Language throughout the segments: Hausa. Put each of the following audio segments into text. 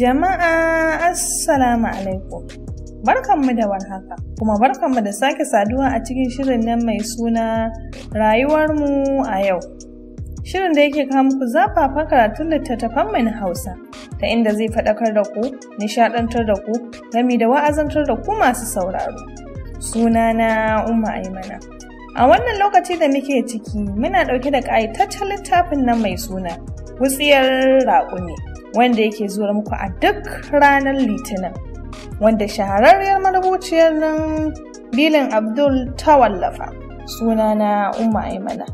Jama'a Assalamu alaikum. mu da warhaka, kuma barkanmu da sake saduwa a cikin shirin nan mai suna rayuwarmu a yau. Shirin da yake kawo muku zafafan karatun littattafan mai na Hausa, ta inda zai faɗakar da ku, nishaɗantar da ku, gami da wa'azantar da ku masu sauraro. Suna na, Umma Aimana. A wannan lokaci da muke ciki, muna ɗauke da ƙayataccen littafin nan mai suna, wutsiyar raƙumi. wanda yake zuwa muku a duk ranar litinin wanda shahararriyar marubuciyar nan bilin abdul ta wallafa na umma aimana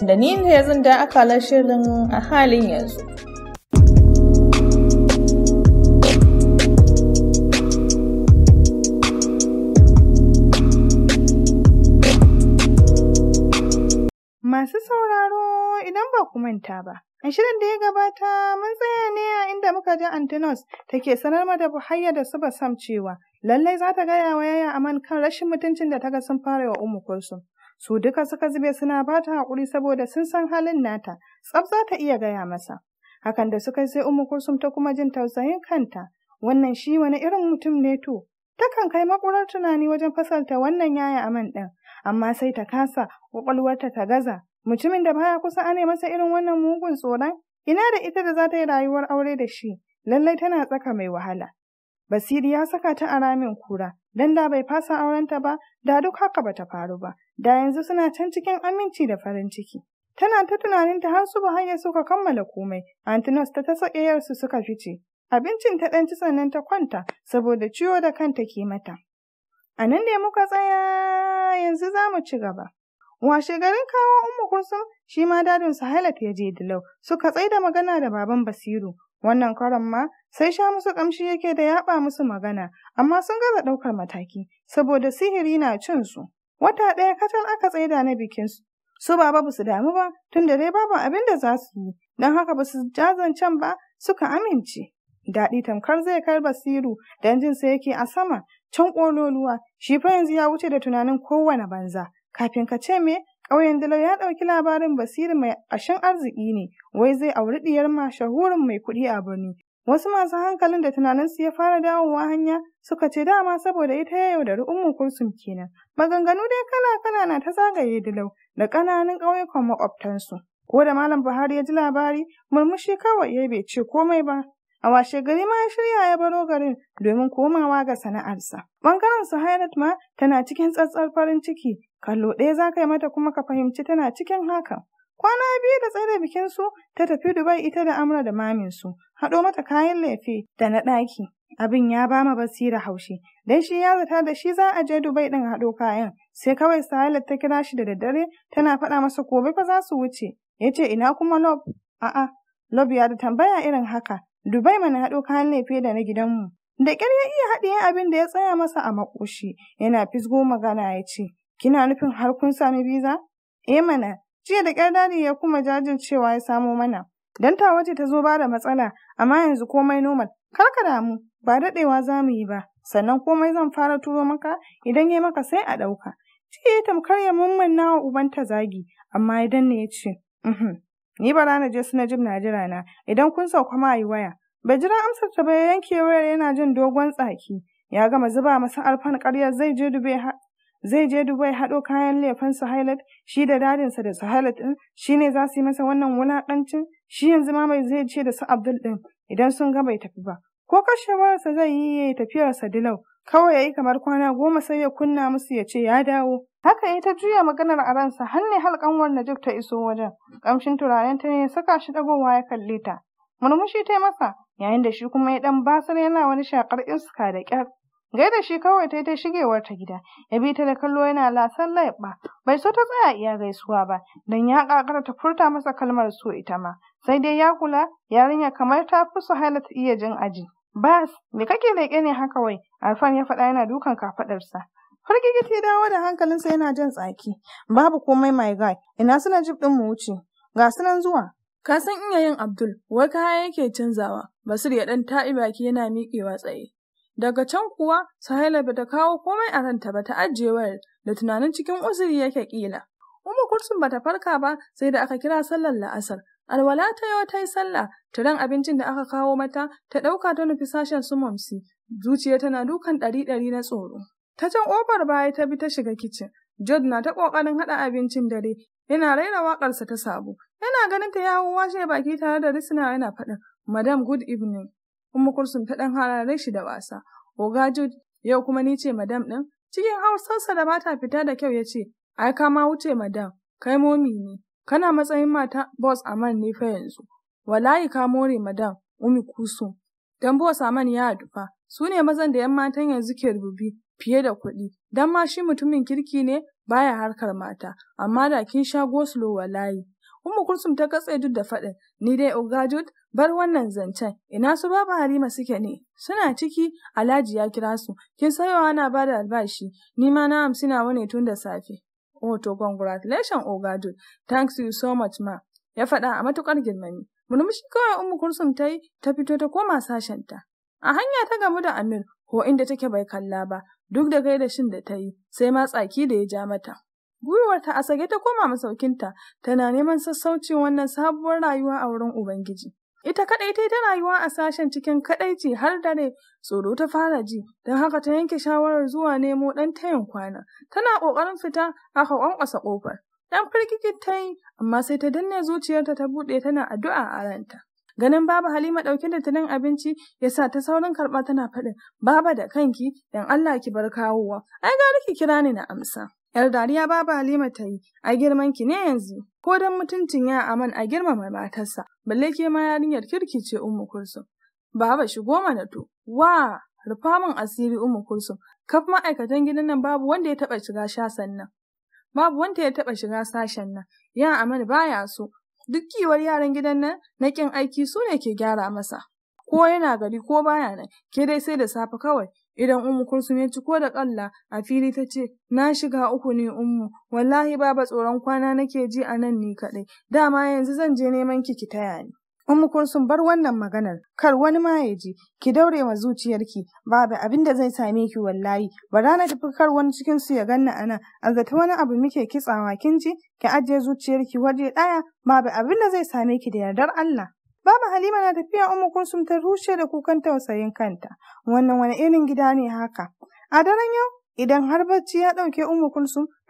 da ni ne zan da akalar shirin a halin yanzu Masu sauraro idan ba ku manta ba. A shirin da ya gabata mun tsaya ne a inda muka ji Antinos take sanar da Buhayya da su ba Sam cewa lallai za ta gaya wa yaya Aman kan rashin mutuncin da ta ga sun fara wa Ummu Su duka suka zube suna ba ta haƙuri saboda sun san halin nata, tsaf za ta iya gaya masa. Hakan da suka sai umu Kulsum ta kuma jin tausayin kanta, wannan shi wani irin mutum ne to. Takan kai makurar tunani wajen fasalta wannan yaya Aman ɗin, amma sai ta kasa, ƙwaƙwalwarta ta gaza, Mutumin da baya kusa ane masa irin wannan mugun tsoron, ina da ita da za ta yi rayuwar aure da shi, lallai tana tsaka mai wahala. Basiri ya saka ta a ramin kura, dan da bai fasa aurenta ba, da duk haka bata faru ba, da yanzu suna can cikin aminci da farin ciki. Tana ta tunanin ta har su hanya suka kammala komai, Antinos ta tasa sakayarsu suka fice. Abincin ta ɗan sannan ta kwanta, saboda ciwo da kanta ke mata. A nan ne muka tsaya yanzu za mu ci gaba. Washe garin kawo Umma Kulsum shi ma dadin su Hailat ya je Dilau suka tsaida magana da baban Basiru wannan karon ma sai sha musu kamshi yake da yaba musu magana amma sun gaza daukar mataki saboda sihiri na cin su. Wata ɗaya kacal aka tsaida na bikin su. Su baba basu damu ba tunda dai babu abin da za su yi dan haka basu jazancen ba suka amince. Daɗi tamkar zai kai Basiru Dan jin sai yake a sama can ƙololuwa shi fa yanzu ya wuce da tunanin kowane banza Kafin ka ce me, ƙauyen Dilo ya ɗauki labarin Basiru mai ashin arziki ne, wai zai auri ɗiyar mashahurin mai kuɗi a birni. Wasu masu hankalin da tunaninsu ya fara dawowa hanya suka ce dama saboda ita ya yaudari umu kursun kenan. Maganganu dai kala-kala na ta zagaye Dilau da ƙananan ƙauyukan maƙwabtansu. Ko da Malam Buhari ya ji labari, murmushi kawai ya bai ce komai ba. A washe gari ma shirya ya baro garin domin komawa ga sana'arsa. Bangaren su ma tana cikin tsatsar farin ciki Kallo ɗaya za ka yi mata kuma ka fahimci tana cikin hakan. Kwana biyu da tsaye da bikinsu ta tafi Dubai ita da Amra da maminsu, haɗo mata kayan lefe da na ɗaki. Abin ya ba ma basira haushi, dan shi ya zata da shi za a je Dubai ɗin haɗo kayan. Sai kawai Sahilat ta kira shi da daddare tana faɗa masa gobe fa za su wuce. Ya ce ina kuma Lob? A'a, Lob ya da tambaya irin haka. Dubai mana haɗo kayan lefe da na gidanmu. Da ƙyar ya iya haɗiye abin da ya tsaya masa a makoshi, yana fisgo magana ya ce, Kina nufin har kun sami biza? Eh mana, jiya da kyar dadi ya kuma jajircewa ya samo mana. Dan ta wace ta zo ba da matsala, amma yanzu komai normal. Kar ka damu, ba daɗewa za mu yi ba. Sannan komai zan fara turo maka, idan ya maka sai a ɗauka. Jiya ya tamkar ya mummunna wa ubanta zagi, amma idan ne ya ce, uhm, Ni ba na je suna jim na jira na, idan kun sauka ma yi waya. Bai jira amsar ta bai yanke wayar yana jin dogon tsaki. Ya gama zuba masa alfan ƙaryar zai je dube zai je Dubai haɗo kayan laifin su Hailat, shi da dadinsa da su ɗin, shi ne za su yi masa wannan wulaƙancin, shi yanzu ma mai zai ce da su Abdul ɗin idan sun ga bai tafi ba. Ko kashe sa zai yi ya yi tafiyarsa Dilau, kawai ya yi kamar kwana goma sai ya kunna musu ya ce ya dawo. Haka ya ta juya maganar a ransa har ne halƙanwar Najib ta iso wajen, ƙamshin turaren ta ne ya saka shi dagowa ya kalle ta. Murmushi ta masa, yayin da shi kuma ya ɗan basar yana wani shakar iska da ƙyar. Gaida shi kawai ta yi ta shigewar ta gida, ya bi ta da kallo yana lasan laiɓa. Bai so ta tsaya iya gaisuwa ba, don ya ƙaƙara ta furta masa kalmar so ita ma. Sai dai ya kula, yarinya kamar ta fi su ta iya jin aji. Bas, me kake leƙe ne haka wai? Alfan ya faɗa yana dukan kafaɗarsa. Fargigiti ya dawo da hankalinsa yana jin tsaki. Babu komai mai guy, ina suna jib ɗin mu wuce. Ga sunan zuwa. Ka san iya yin Abdul, wai kaya yake canzawa. Basir ya ɗan Taiba baki yana miƙewa tsaye. Daga can kuwa, Sahila bata kawo komai a ranta ba ta ajiye wayar da tunanin cikin uzuri yake kila. Umma kursun bata farka ba sai da aka kira sallar la'asar. Alwala ta yi wata sallah, tiran abincin da aka kawo mata ta ɗauka ta nufi sashen su mamsi. Zuciya tana dukan ɗari-ɗari na tsoro. Ta can ƙofar baya ta bi ta shiga kicin. Jod na ta ƙoƙarin haɗa abincin dare, yana raira waƙarsa ta sabo. Yana ganin ta yawo washe baki tare da risina yana faɗin, Madam good evening. kuma kursun ta ɗan harare shi da wasa. Oga Jude, yau kuma ni ce madam ɗin? Cikin hausarsa da bata fita da kyau ya ce, ai ka ma wuce madam, kai momi ne, kana matsayin mata boss man ne fa yanzu. Walayi ka more madam, umi kusu. Dan boss man ya dufa, su ne mazan da ‘yan matan yanzu ke rububi fiye da kuɗi, dan ma shi mutumin kirki ne baya harkar mata, amma da kin sha gosulo walayi. Umu kursum ta katse duk da faɗin, ni dai Ogajud Bar wannan zancen, ina su babu, Halima suke ne? Suna ciki, Alhaji ya kira su, kin sayowa na bada albashi, ni ma na hamsin nawa tun da safe. Oh, to congratulations, Oga gado. Thanks you so much, ma. Ya faɗa a matuƙar girmami. Murmushi kawai Umu Kulsum ta yi, ta fito ta koma sashenta. A hanya ta gamu da Amir, ko inda take bai kalla ba, duk da gaida shin da ta yi, sai ma tsaki da ya ja mata. ta a sage ta koma masaukinta, tana neman sassaucin wannan sabuwar rayuwa a wurin Ubangiji. Ita kaɗai ta ta rayuwa a sashen cikin kaɗaici har dare, tsoro ta fara ji, don haka ta yanke shawarar zuwa nemo ɗan tayin kwana. Tana ƙoƙarin fita, aka ƙwanƙwasa ƙofar. Ɗan firgikin ta yi, amma sai ta danne zuciyarta ta buɗe tana addu'a a ranta. Ganin Baba Halima ɗauke da tunan abinci ya sa ta saurin karɓa tana faɗin, Baba da kanki, don Allah ki bar kawowa, ai gari ki kira ni na amsa. ‘Yar dariya Baba Halima ta yi, ai girman ki ne yanzu. ko don mutuncin ya aman a girmama matarsa, balle ke ma yarinyar kirki ce umu kursu. Baba shigo mana to, wa rufa min asiri umu kursu. kaf ma'aikatan gidan nan babu wanda ya taɓa shiga shasan nan. Babu wanda ya taɓa shiga sashen nan, ya aman baya so, duk kiwar yaran gidan nan na kin aiki su ne ke gyara masa. Ko yana gari ko baya nan, ke dai sai da safe kawai, Idan umu Kulsum ya ci ko da ƙalla a fili ta ce, Na shiga uku ne umu wallahi babu tsoron kwana nake ji a nan ni kaɗai, dama yanzu zan je neman ki ki taya ni. umu Kulsum bar wannan maganar, kar wani ma ya ji, ki daure ma zuciyarki, babu abin da zai same ki wallahi, ba na tafi kar wani cikin su ya ganna a nan, a zata wani abu muke kitsawa kin ji, ki ajiye zuciyarki waje ɗaya, babu abin da zai same ki da yardar Allah. Baba Halima na tafiya Ummu Kulsum ta rushe da kukan tausayin kanta. Wannan wani irin gida ne haka? A daren yau idan har bacci ya ɗauke Ummu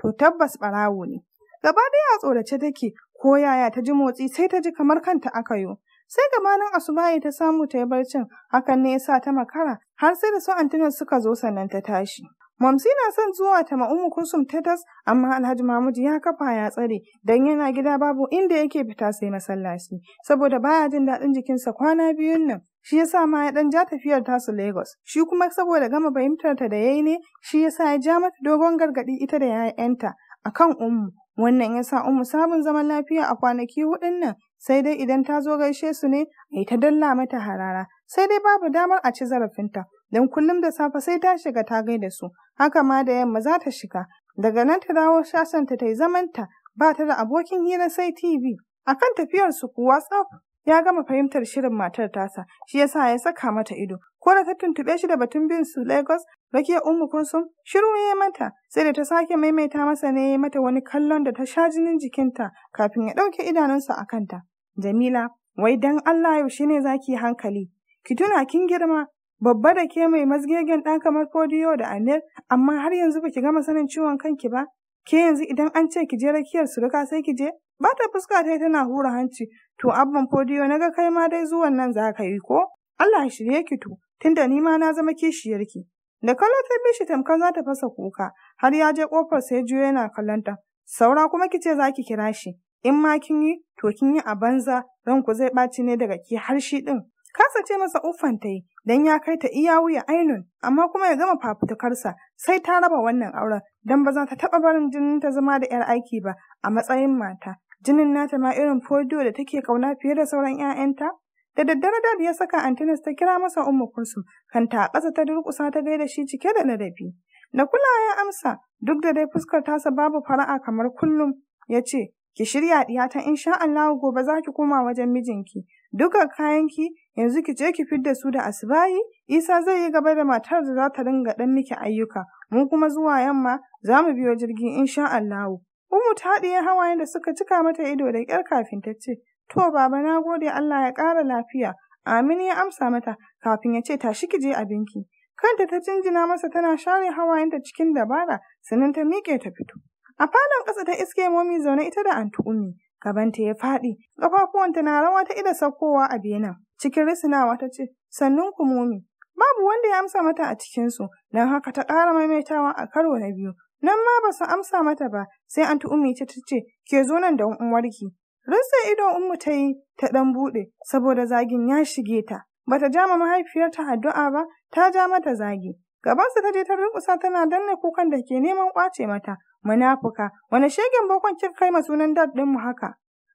to tabbas ɓarawo ne. Gaba ɗaya a tsorace take ko yaya ta ji motsi sai ta ji kamar kanta aka yo. Sai gabanin asubahi ta samu ta yi barcin hakan ne ya sa ta makara har sai da su antinan suka zo sannan ta tashi. Mamsi na son zuwa ta ma'umu kusum tatas amma Alhaji Mahmud ya kafa ya tsare don yana gida babu inda yake fita sai masallaci saboda baya jin daɗin jikinsa kwana biyun nan shi ya sa ma ya dan ja tafiyar su Lagos shi kuma saboda gama fahimtar ta da yayi ne shi ya sa ya ja mata dogon gargaɗi ita da yayanta kan ummu wannan ya sa ummu sabon zaman lafiya a kwanaki hudun nan sai dai idan ta zo gaishe su ne ai ta dalla mata harara sai dai babu damar a ci zarafinta don kullum da safe sai ta shiga ta gaida su, haka ma da yamma za ta shiga, daga nan ta dawo shasanta ta yi zamanta, ba ta da abokin hira sai TV. A kan su kuwa tsaf ya gama fahimtar shirin matar tasa, shi yasa ya saka mata ido. Ko da ta tuntuɓe shi da batun bin su Lagos, rake Ummu Kulsum shiru ya mata, sai da ta sake maimaita masa ne ya mata wani kallon da ta sha jinin jikinta kafin ya ɗauke idanunsa a kanta. Jamila, wai dan Allah yaushe ne zaki hankali, ki tuna kin girma babba da ke mai mazgegen ɗan kamar fodiyo da anel amma har yanzu baki gama sanin ciwon kanki ba ke yanzu idan an ce ki je rakiyar suruka sai ki je ba ta fuska ta tana hura hanci to abban na ga kai ma dai zuwan nan za ka yi ko Allah ya shirye ki to tunda ni ma na zama kishiyarki da kallo ta bi shi tamkar za ta fasa kuka har ya je kofar sai juyo yana kallonta saura kuma ki ce za ki kira shi in ma kin yi to kin yi a banza ranku zai ɓaci ne daga ki har shi ɗin Kasa ce masa uffan ta yi, don ya kai ta iya wuya ainun, amma kuma ya gama fafutukarsa sai ta raba wannan auren, don ba za ta taɓa barin jinin ta zama da ‘yar aiki ba a matsayin mata. Jinin nata ma irin fodiyo da take kauna fiye da sauran ‘ya'yanta. Da daddare da ya saka Antinas ta kira masa Ummu kursu kan ta ƙasa ta durƙusa ta gaida shi cike da ladabi. Na kula ya amsa, duk da dai fuskar tasa babu fara'a kamar kullum, ya ce, ki shirya ɗiyata sha Allah gobe za ki koma wajen mijinki dukan kayanki yanzu ki je ki fidda su da asibayi isa zai yi gaba da matar da za ta ringa dan miki ayyuka mu kuma zuwa yamma za mu biyo jirgi insha Allahu Umu ta haɗiye hawayen da suka cika mata ido da ƙyar kafin ta ce, To baba na gode Allah ya ƙara lafiya. Amin ya amsa mata kafin ya ce tashi ki je abinki. Kanta ta cinjina masa tana share hawayen hawayenta cikin dabara sannan ta miƙe ta fito. A falon ƙasa ta iske momi zaune ita da antu umi. Gabanta ya faɗi, ƙafafuwanta na rawa ta ida saukowa a benen. Cikin risinawa ta ce, sannun ku momi. Babu wanda ya amsa mata a cikinsu, don haka ta ƙara maimaitawa a karo na biyu. Nan ma ba su amsa mata ba, sai an Umi ta ce, ke zo nan da uwarki. Rinsa ido Ummu ta yi ta ɗan buɗe, saboda zagin ya shige ta. Bata ja ma mahaifiyarta addu'a ba, ta ja mata zagi. Gabansa ta je ta durƙusa tana danne kukan da ke neman kwace mata. Munafuka, wani shegen bakon kika kai ma sunan dad mu haka?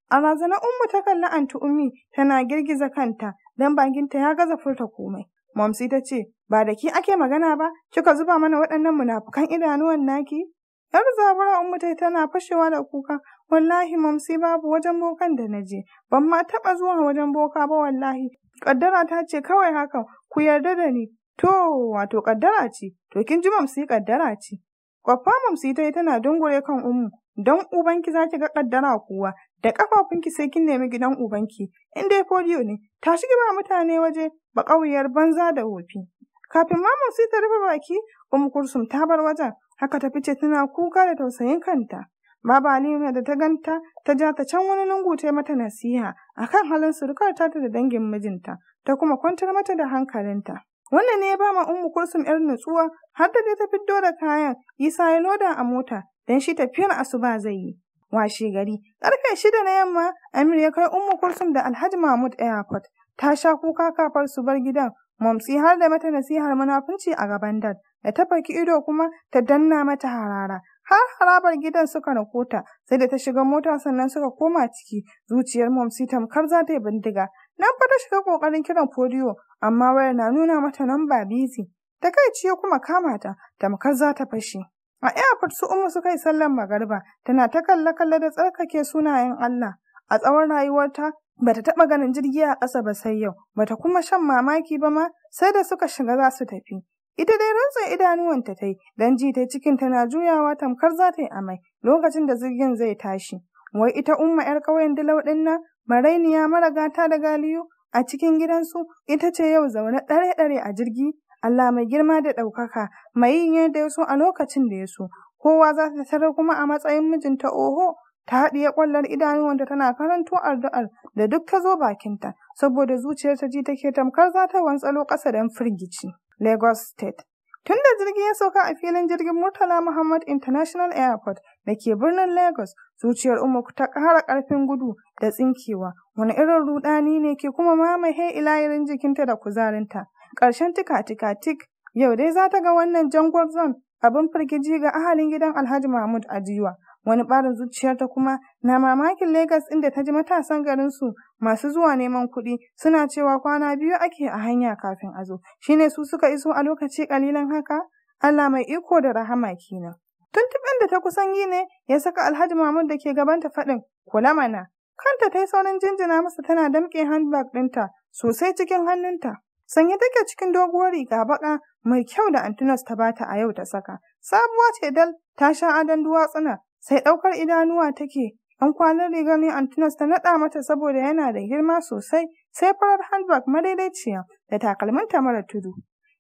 A razana Ummu ta kalli anti Ummi tana girgiza kanta don banginta ya gaza furta komai. Mamsi ta ce, ba da ki ake magana ba, kika zuba mana waɗannan munafukan idanuwan naki? Yar zabura Ummu ta tana fashewa da kuka, wallahi Mamsi babu wajen bokan da na je, ban ma taɓa zuwa wajen boka ba wallahi. Kaddara ta ce kawai haka, ku yarda da ni, To, wato kaddara ce, to kin ji mamsi kaddara ce. Kwaffa mamsi ta yi tana dungure kan umu, don ubanki za ki ga kaddara kuwa, da kafafunki sai kin nemi gidan ubanki, in dai fodiyo ne, Ta shiga ba mutane waje, ba ƙauyar banza da wofi. Kafin ma mamsi ta rufe baki, umu kursum ta bar wajen, haka ta fice tana kuka da tausayin kanta. Baba Halima da ta ganta ta ja ta can wani lungu ta mata nasiha akan halin surukar ta da dangin mijinta, ta kuma kwantar mata da hankalinta. Wannan ne ya ba ma Ummu Kulsum ‘yar nutsuwa har da ta fiddo da kayan Isa ya loda a mota don shi tafiyar asuba zai yi. Washe gari, ƙarfe shida na yamma, Amir ya kai Ummu kursum da Alhaji Mahmud Airport. Ta sha kuka kafar su bar gidan, Momsi har da mata nasihar munafunci a gaban dad, da ta faki ido kuma ta danna mata harara. Har harabar gidan suka rakota, sai da ta shiga mota sannan suka koma ciki, zuciyar Momsi tamkar za ta yi bindiga. Nan fa ta shiga ƙoƙarin kiran Fodiyo, amma wayar na nuna mata namba bizi. kai ya kuma kama ta, tamkar za ta fashe. A airport su Umma suka yi sallar magarba. tana ta kalla kalla da tsarkake sunayen Allah. A tsawon rayuwarta, bata taɓa ganin jirgi a ƙasa ba sai yau, bata kuma shan mamaki ba ma sai da suka shiga za su tafi. Ita dai rantsa idanuwanta ta yi, Dan ji ta cikin tana juyawa tamkar za ta yi amai lokacin da jirgin zai tashi. Wai ita umma ‘yar ƙauyen Dilau ɗin nan Marainiya mara gata da galiyu a cikin gidansu ita ce yau zaune ɗare-ɗare a jirgi, Allah mai girma da ɗaukaka, mai yin yadda ya so a lokacin da ya so, kowa za ta tarar kuma a matsayin mijinta oho, ta haɗiye ƙwallar wanda tana karanto addu'ar da duk ta zo bakinta, saboda zuciyarta ji take tamkar za ta wantsalo ƙasa don firgici. Lagos State Tunda da jirgi ya sauka a filin jirgin Murtala Muhammad International Airport, da ke birnin Lagos, zuciyar Umar ta ƙara ƙarfin gudu da tsinkewa, wani irin rudani ne ke kuma mamaye ilayirin jikinta da kuzarinta. Ƙarshen tika-tika tik, yau dai za ta ga wannan jangwar zon abin firgiji ga ahalin gidan Alhaji Mahmud Ajiwa. Wani ɓarin zuciyarta kuma na mamakin Legas inda ta ji matasan garinsu masu zuwa neman kuɗi suna cewa kwana biyu ake a hanya kafin a zo. Shine su suka iso a lokaci ƙalilan haka? Allah mai iko da rahama kenan. Tuntuɓen da ta kusan yi ne ya saka Alhaji Mahmud da ke gaban ta faɗin, kula mana. Kanta ta yi saurin jinjina masa tana damƙe handbag ɗinta sosai cikin hannunta. Sanye take cikin doguwar riga baƙa mai kyau da Antinos ta bata a yau ta saka. Sabuwa ce dal ta sha adon duwatsuna sai ɗaukar idanuwa take. Ɗan kwanan rigar ne Antinos ta naɗa mata saboda yana da girma sosai sai farar handbag madaidaiciya da takalminta mara tudu.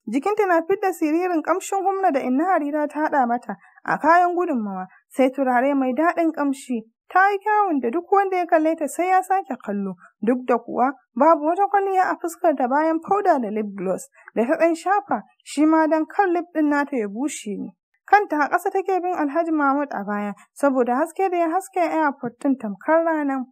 Jikinta na fidda siririn ƙamshin humna da inna harira ta haɗa mata, A kayan gudunmawa sai turare mai daɗin ƙamshi ta yi kyawun da duk wanda ya kalle ta sai ya sake kallo duk da kuwa babu wata kwalliya a fuskar da bayan fauda da lip gloss da ta ɗan shafa shi ma don kan lip ɗin nata ya bushe ne. Kanta a ƙasa take bin Alhaji Mahmud a baya saboda haske da ya haske airport ɗin tamkar ranar.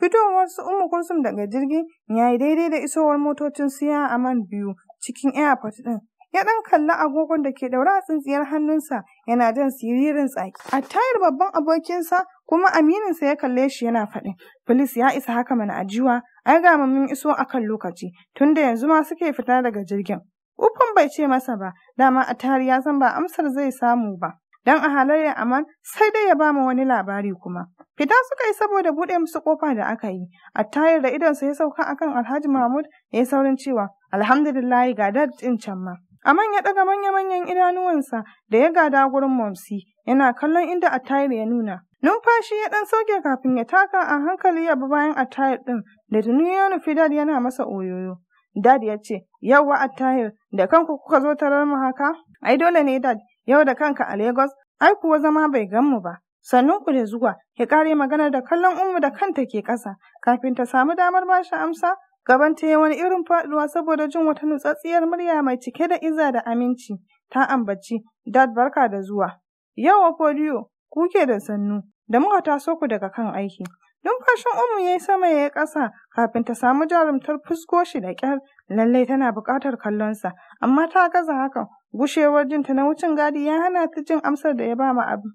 Fitowar su Ummu Kulsum daga jirgin ya yi daidai da isowar motocin siya a man biyu cikin airport ɗin ya ɗan kalli agogon da ke ɗaure a tsintsiyar hannunsa yana jan siririn tsaki. A tayar babban abokinsa kuma amininsa ya kalle shi yana faɗin. Filis ya isa haka mana ajiwa, ai ga mun iso a kan lokaci, da yanzu ma suke fita daga jirgin. Uffan bai ce masa ba, dama a tayar ya san ba amsar zai samu ba. Dan a halayyar aman sai dai ya bamu wani labari kuma. Fita suka yi saboda buɗe musu ƙofa da aka yi. A tayar da idonsa ya sauka akan Alhaji Mahmud ya yi saurin cewa Alhamdulillahi ga dad ɗin can ma. A manya ɗaga manya-manyan idanuwansa da ya gada gurin Momsi, yana kallon inda attire ya nuna. Numfashi ya ɗan sauke kafin ya taka a hankali ya bi bayan attire ɗin da tuni ya nufi dad yana masa oyoyo. Dad ya ce, Yawwa attire, da kanku kuka zo tarar mu haka? Ai dole ne dad, yau da kanka a Lagos, ai kuwa zama bai gan mu ba. Sannun ku da zuwa, ya ƙare magana da kallon Ummu da kanta ke ƙasa, kafin ta samu damar bashi amsa, Gaban ta yi wani irin faɗuwa saboda jin wata nutsatsiyar murya mai cike da iza da aminci. Ta ambaci, Dad barka da zuwa. Yau, a Fodiyo, kuke da sannu, da muka taso ku daga kan aiki. Numfashin Umu ya yi sama ya yi ƙasa kafin ta samu jarumtar fusko shi da ƙyar. Lallai tana buƙatar kallonsa, amma ta gaza hakan. Gushewar jinta na wucin gadi ya hana ta jin amsar da ya bama abu.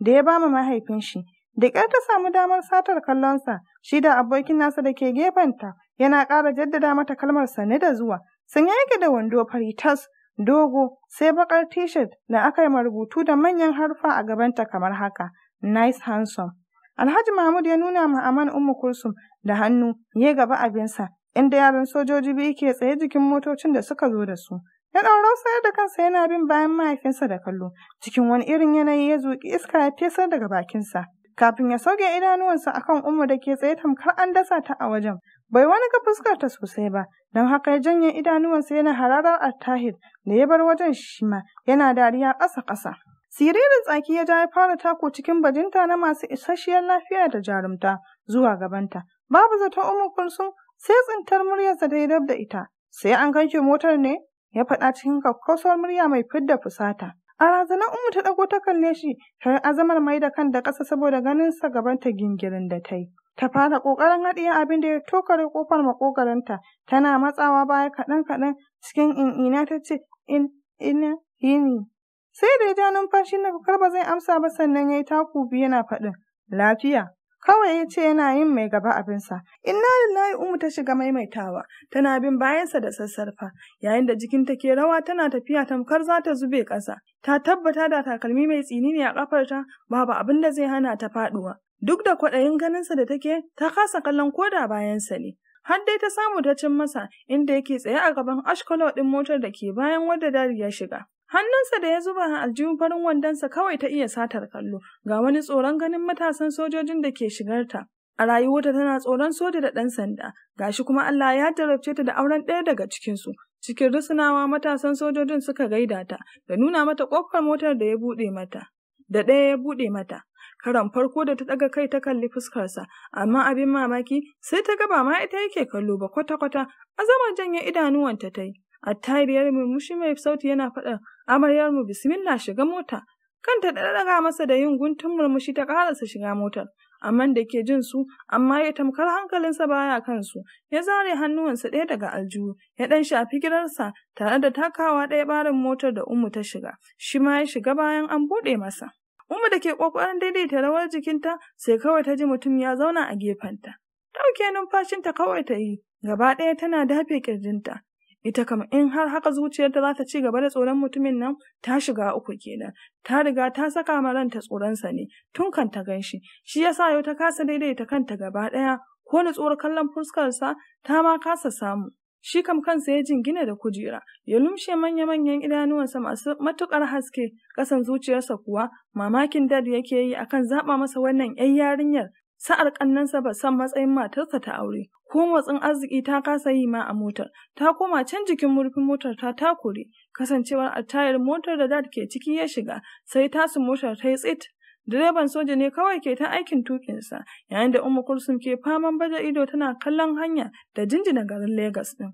Da ya bama mahaifin shi. Da ƙyar ta samu damar satar kallonsa, shi da abokin nasa da ke gefenta yana ƙara jaddada mata kalmar sane da zuwa. Sun yake da wando fari tas, dogo, sai baƙar t da aka yi marubutu da manyan harfa a gabanta kamar haka, nice handsome. Alhaji Mahmud ya nuna ma Aman Ummu Kulsum da hannu ya gaba abinsa, inda yaran sojoji biyu ke tsaye jikin motocin da suka zo da su. Ya ɗauro sayar da kansa yana bin bayan mahaifinsa da kallo, cikin wani irin yanayi ya zuƙi iska ya fesar daga bakinsa. Kafin ya sauke idanuwansa akan Ummu da ke tsaye tamkar an dasa ta a wajen, Bai wani ga fuskarta sosai ba, don haka ya janye idanuwansa yana hararar attahir da ya bar wajen shi ma yana dariya ƙasa-ƙasa. Siririn tsaki ya ja ya fara tako cikin bajinta na masu isasshiyar lafiya da jarumta zuwa gabanta. Babu zato Ummu Kulsum sai tsintar muryarsa da ya dab da ita. Sai an kanke motar ne? Ya faɗa cikin kakkausar murya mai fidda fusata. A razanar umu ta ɗago ta kalle shi, har azamar mai da kan da ƙasa saboda ganin sa gabanta gingirin da ta yi. Ta fara ƙoƙarin haɗiye abin da ya tokare ƙofar maƙogaranta, tana matsawa baya kaɗan-kaɗan cikin in'ina ta ce, in ina yini. Sai da ya ja numfashi na kar ba zai amsa ba sannan ya yi taku biyu yana faɗin, lafiya. Kawai ya ce yana yin mai gaba abinsa. Inna lillahi umu ta shiga maimaitawa, tana bin bayansa da sassarfa, yayin da jikinta ke rawa tana tafiya tamkar za ta zube ƙasa. Ta tabbata da takalmi mai tsini ne a ƙafarta, babu abin da zai hana ta faɗuwa. Duk da kwaɗayin ganinsa da take, ta kasa kallon koda bayansa ne. Har dai ta samu ta cin masa, inda yake tsaye a gaban ashkolo ɗin motar da ke bayan wadda dari ya shiga. Hannunsa da ya zuba a aljihun farin wandonsa kawai ta iya satar kallo, ga wani tsoron ganin matasan sojojin da ke shigarta. A rayuwarta tana tsoron soja da ɗan sanda, gashi kuma Allah ya jarabce ta da auren ɗaya daga cikinsu. Cikin rusunawa matasan sojojin suka gaida ta, da nuna mata ƙofar motar da ya buɗe mata. Da ɗaya ya buɗe mata, karan farko da ta daga kai ta kalli fuskarsa, amma abin mamaki sai ta gaba ma ita yake kallo ba kwata-kwata, azamar janye idanuwanta ta yi. A Attariyar murmushi mai sauti yana faɗa, amaryar mu bismillah shiga mota. Kanta da daga masa da yin guntun murmushi ta karasa shiga motar. amma da ke jin su amma ya tamkar hankalinsa baya kansu ya zare hannuwansa ɗaya daga aljihu ya ɗan shafi gidansa tare da takawa ɗaya barin motar da umu ta shiga shi ma ya shiga bayan an buɗe masa Umma da ke ƙoƙarin daidaita rawar jikinta sai kawai ta ji mutum ya zauna a gefenta. Ɗauke numfashinta kawai ta yi, gaba ɗaya tana dafe kirjinta Ita kam in har haka zuciyarta za ta ci gaba da tsoron mutumin nan ta shiga uku kenan. Ta riga ta saka ma ranta tsoronsa ne tun kan ta gan shi. Shi sa yau ta kasa daidaita kanta gaba ɗaya ko tsoron kallon fuskarsa ta ma kasa samu. shi kam kansa ya jingina da kujera, ya lumshe manya-manyan idanuwansa masu matuƙar haske, Kasan zuciyarsa kuwa mamakin dad yake yi akan zaba masa wannan 'yan yarinyar. Sa'ar kannansa ba san matsayin matarsa ta aure, ko motsin arziki ta kasa yi ma a motar, ta koma can jikin murfin motar ta takure, kasancewar a tayar motar da dad ke ciki ya shiga, sai tasu motar ta yi tsit, Direban soja ne kawai ke ta aikin tukinsa, yayin da Umma Kulsum ke faman baje ido tana kallon hanya da jinjina garin Legas din.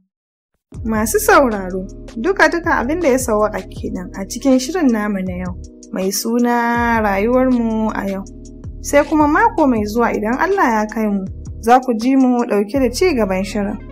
Masu sauraro, duka-duka abin da ya a kenan a cikin shirin namu na yau, mai suna rayuwarmu a yau. Sai kuma mako mai zuwa idan Allah ya kai mu, za ku ji mu ɗauke da ci gaban shirin.